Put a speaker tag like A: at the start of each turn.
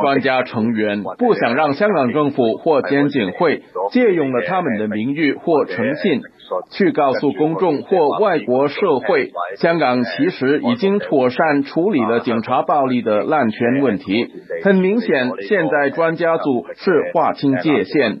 A: 專家成員不想讓香港政府或監警會借用了他們的名譽或誠信，去告訴公眾或外國社會，香港其實已經妥善處理了警察暴力的濫權問題。很明顯，現在專家組是劃清界限。